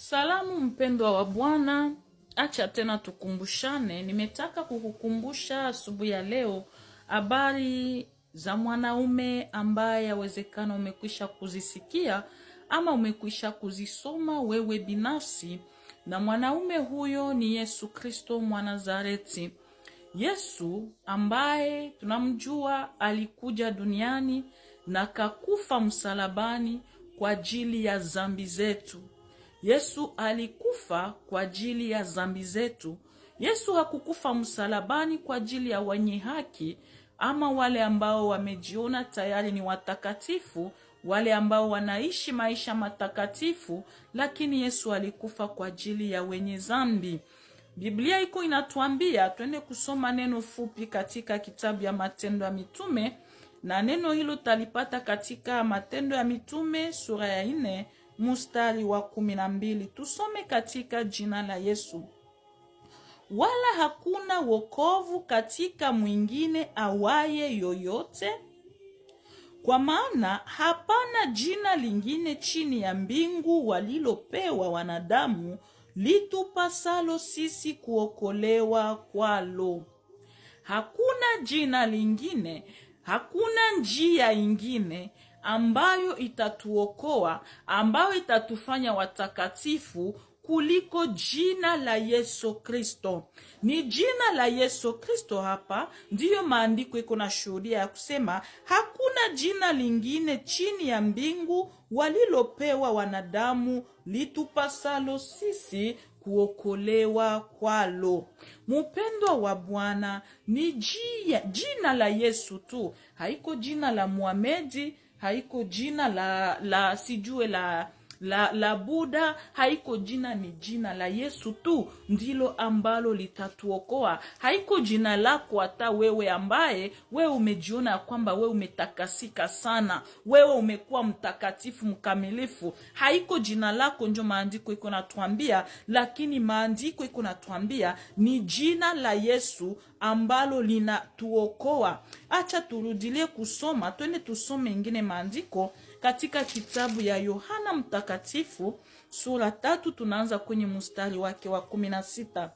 Salamu mpendwa wa Bwana, acha tena tukumbushane. Nimetaka kukukumbusha asubuhi ya leo habari za mwanaume ambaye yawezekana umekwisha kuzisikia ama umekwisha kuzisoma wewe binafsi, na mwanaume huyo ni Yesu Kristo Mwanazareti. Yesu ambaye tunamjua alikuja duniani na kakufa msalabani kwa ajili ya dhambi zetu Yesu alikufa kwa ajili ya zambi zetu. Yesu hakukufa msalabani kwa ajili ya wenye haki ama wale ambao wamejiona tayari ni watakatifu, wale ambao wanaishi maisha matakatifu, lakini Yesu alikufa kwa ajili ya wenye zambi. Biblia iko inatuambia twende kusoma neno fupi katika kitabu ya Matendo ya Mitume, na neno hilo talipata katika Matendo ya Mitume sura ya nne mustari wa kumi na mbili. Tusome katika jina la Yesu. Wala hakuna wokovu katika mwingine awaye yoyote, kwa maana hapana jina lingine chini ya mbingu walilopewa wanadamu litupasalo sisi kuokolewa kwalo. Hakuna jina lingine, hakuna njia ingine ambayo itatuokoa, ambayo itatufanya watakatifu kuliko jina la Yesu Kristo. Ni jina la Yesu Kristo hapa ndiyo maandiko iko na shuhudia ya kusema hakuna jina lingine chini ya mbingu walilopewa wanadamu litupasalo sisi kuokolewa kwalo. Mupendwa wa Bwana, ni jia, jina la Yesu tu, haiko jina la Muhamedi haiko jina la, la sijue la la, la buda haiko jina, ni jina la Yesu tu ndilo ambalo litatuokoa. Haiko jina lako hata wewe ambaye wewe umejiona kwamba wewe umetakasika sana, wewe umekuwa mtakatifu mkamilifu, haiko jina lako. njo maandiko iko natuambia, lakini maandiko iko natuambia ni jina la Yesu ambalo linatuokoa. Acha turudilie kusoma, twende tusome ingine maandiko katika kitabu ya Yohana Mtakatifu sura tatu tunaanza kwenye mstari wake wa kumi na sita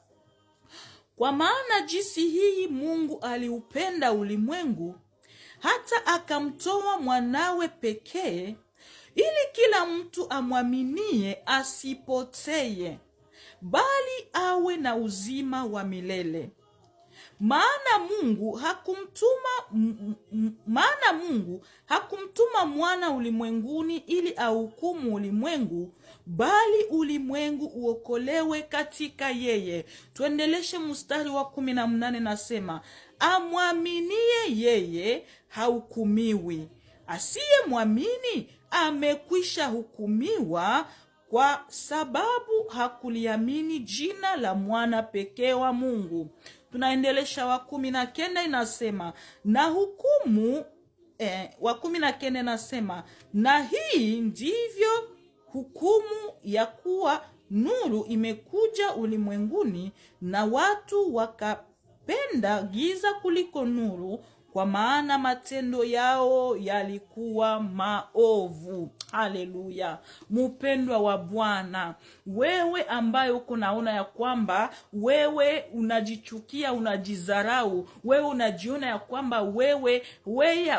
kwa maana jinsi hii Mungu aliupenda ulimwengu hata akamtoa mwanawe pekee, ili kila mtu amwaminie asipoteye, bali awe na uzima wa milele maana Mungu hakumtuma maana Mungu hakumtuma mwana ulimwenguni ili ahukumu ulimwengu, bali ulimwengu uokolewe katika yeye. Tuendeleshe mstari wa kumi na mnane nasema, amwaminie yeye hahukumiwi, asiyemwamini amekwisha hukumiwa kwa sababu hakuliamini jina la mwana pekee wa Mungu tunaendelesha wa kumi na kenda inasema na hukumu eh, wa kumi na kenda inasema na hii ndivyo hukumu ya kuwa nuru imekuja ulimwenguni na watu wakapenda giza kuliko nuru kwa maana matendo yao yalikuwa maovu. Haleluya! Mpendwa wa Bwana, wewe ambaye uko naona ya kwamba wewe unajichukia, unajizarau, wewe unajiona ya kwamba wewe wewe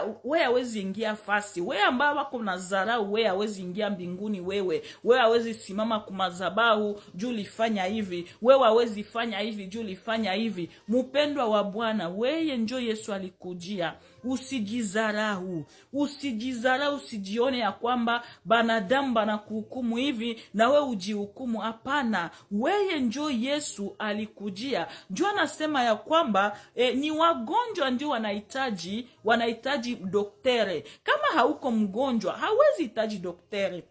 hawezi ingia fasi, wewe ambaye wako na zarau, wewe hawezi ingia mbinguni, wewe wewe hawezi simama kumadhabahu juu lifanya hivi, wewe hawezi fanya hivi juu lifanya hivi. Mpendwa wa Bwana, weye njo Yesu alikuja kujia. Usijizarau, usijizarau, usijione ya kwamba banadamu banakuhukumu hivi na we ujihukumu. Hapana, weye njo Yesu alikujia, njo anasema ya kwamba e, ni wagonjwa ndio wanahitaji wanahitaji doktere. Kama hauko mgonjwa, hawezi hitaji doktere.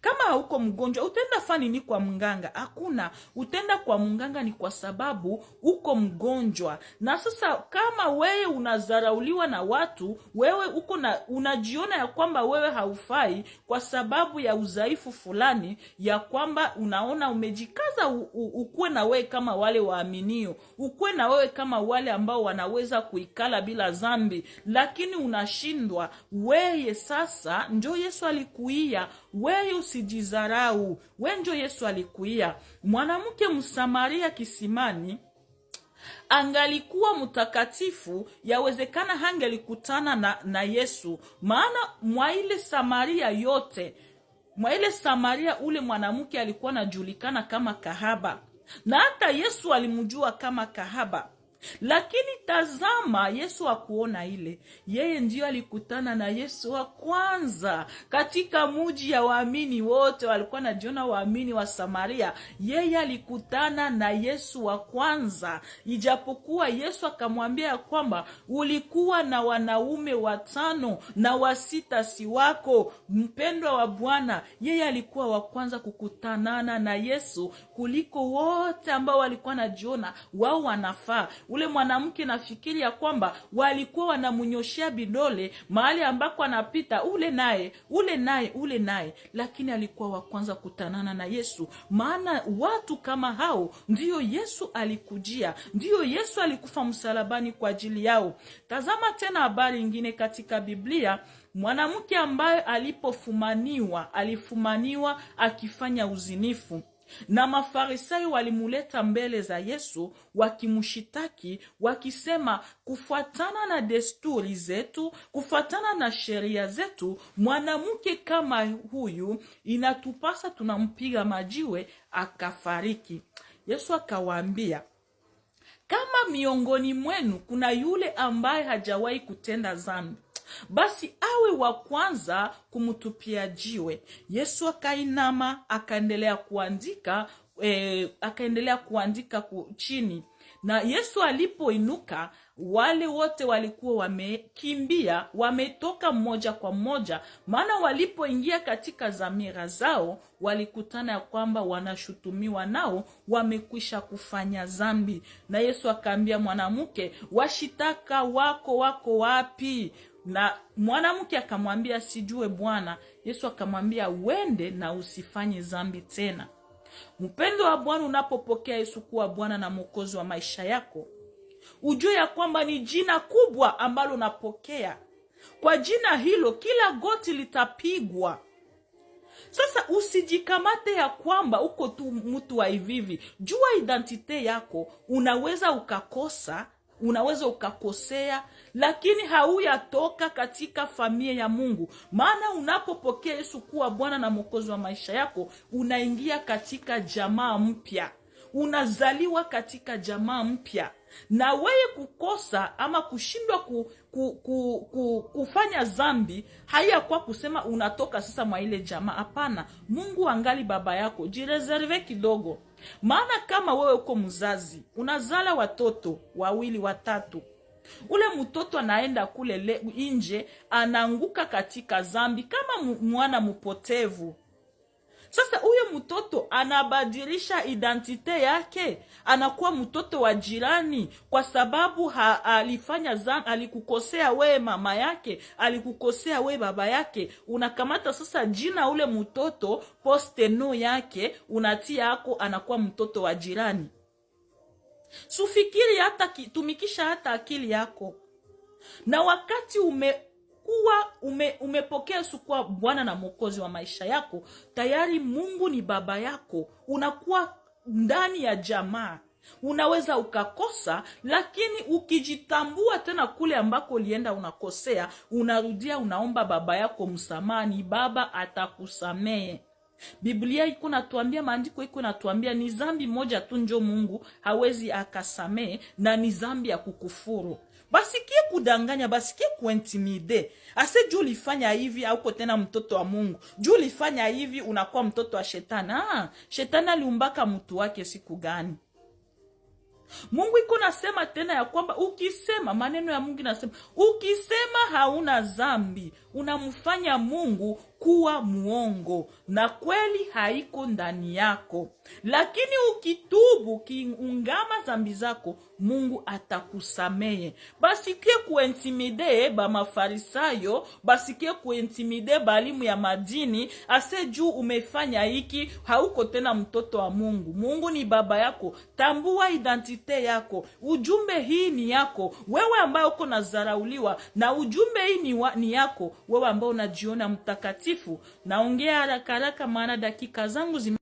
Kama hauko mgonjwa, utenda fani ni kwa mganga? Hakuna, utenda kwa mganga ni kwa sababu uko mgonjwa. Na sasa kama wewe unazarauliwa na watu, wewe uko na unajiona ya kwamba wewe haufai kwa sababu ya udhaifu fulani, ya kwamba unaona umejikaza u, ukuwe na wewe kama wale waaminio, ukuwe na wewe kama wale ambao wanaweza kuikala bila zambi, lakini unashindwa. Weye sasa njo Yesu alikuia weye usijizarau, wenjo Yesu alikuia. Mwanamke Msamaria kisimani angalikuwa mtakatifu, yawezekana hangelikutana na, na Yesu, maana mwaile Samaria yote mwaile Samaria ule mwanamke alikuwa anajulikana kama kahaba, na hata Yesu alimjua kama kahaba lakini tazama yesu akuona ile yeye ndiyo alikutana na yesu wa kwanza katika muji ya waamini wote walikuwa najiona waamini wa samaria yeye alikutana na yesu wa kwanza ijapokuwa yesu akamwambia ya kwamba ulikuwa na wanaume watano na wasita si wako mpendwa wa bwana yeye alikuwa wa kwanza kukutanana na yesu kuliko wote ambao walikuwa najiona wao wanafaa ule mwanamke nafikiri ya kwamba walikuwa wanamnyoshea bidole mahali ambako anapita, ule naye ule naye ule naye, lakini alikuwa wa kwanza kutanana na Yesu, maana watu kama hao ndiyo Yesu alikujia, ndiyo Yesu alikufa msalabani kwa ajili yao. Tazama tena habari ingine katika Biblia mwanamke ambaye alipofumaniwa alifumaniwa akifanya uzinifu. Na Mafarisayo walimuleta mbele za Yesu wakimshitaki, wakisema, kufuatana na desturi zetu, kufuatana na sheria zetu, mwanamke kama huyu inatupasa tunampiga majiwe akafariki. Yesu akawaambia, kama miongoni mwenu kuna yule ambaye hajawahi kutenda dhambi basi awe wa kwanza kumtupia jiwe. Yesu akainama akaendelea kuandika e, akaendelea kuandika chini, na Yesu alipoinuka wale wote walikuwa wamekimbia, wametoka mmoja kwa mmoja, maana walipoingia katika dhamira zao walikutana ya kwamba wanashutumiwa nao wamekwisha kufanya dhambi. Na Yesu akaambia mwanamke, washitaka wako wako wapi? na mwanamke akamwambia sijue Bwana. Yesu akamwambia wende na usifanye zambi tena. Mpendo wa Bwana, unapopokea Yesu kuwa Bwana na Mwokozi wa maisha yako, ujue ya kwamba ni jina kubwa ambalo unapokea. Kwa jina hilo kila goti litapigwa. Sasa usijikamate ya kwamba uko tu mtu wa hivivi. Jua identite yako, unaweza ukakosa unaweza ukakosea, lakini hauyatoka katika familia ya Mungu. Maana unapopokea Yesu kuwa Bwana na Mwokozi wa maisha yako, unaingia katika jamaa mpya, unazaliwa katika jamaa mpya na wewe kukosa ama kushindwa ku, ku, ku, ku, kufanya zambi haiyakuwa kusema unatoka sasa mwa ile jamaa. Hapana, Mungu angali baba yako. Jireserve kidogo. Maana kama wewe uko mzazi unazala watoto wawili watatu, ule mtoto anaenda kule nje, anaanguka katika zambi kama mwana mpotevu sasa huyo mtoto anabadilisha identite yake, anakuwa mtoto wa jirani, kwa sababu ha, alifanya zan, alikukosea we mama yake, alikukosea we baba yake. Unakamata sasa jina ule mtoto posteno yake unatia yako, anakuwa mtoto wa jirani. Sufikiri hata, tumikisha hata akili yako, na wakati ume kuwa ume, umepokea Yesu kuwa Bwana na Mwokozi wa maisha yako, tayari Mungu ni baba yako, unakuwa ndani ya jamaa unaweza ukakosa, lakini ukijitambua tena kule ambako ulienda unakosea, unarudia, unaomba baba yako msamani, baba atakusamehe. Biblia iko natuambia, maandiko iko natuambia ni zambi moja tu njo Mungu hawezi akasamee, na ni zambi ya kukufuru. Basikie kudanganya, basikie kuintimide, ase juu ulifanya hivi auko tena mtoto wa Mungu, juu ulifanya hivi unakuwa mtoto wa shetani. Ah, shetani aliumbaka mtu wake siku gani? Mungu iko nasema tena ya kwamba ukisema, maneno ya Mungu nasema ukisema hauna zambi unamfanya Mungu kuwa muongo na kweli haiko ndani yako. Lakini ukitubu, kiungama zambi zako, Mungu atakusamehe. Basikie kuintimide ba Mafarisayo, basikie kuintimide balimu ya madini, ase juu umefanya hiki, hauko tena mtoto wa Mungu. Mungu ni baba yako, tambua identite yako. Ujumbe hii ni yako wewe, ambaye uko nazarauliwa na ujumbe hii ni, wa, ni yako wewe ambao unajiona mtakatifu, naongea haraka haraka, maana dakika zangu zime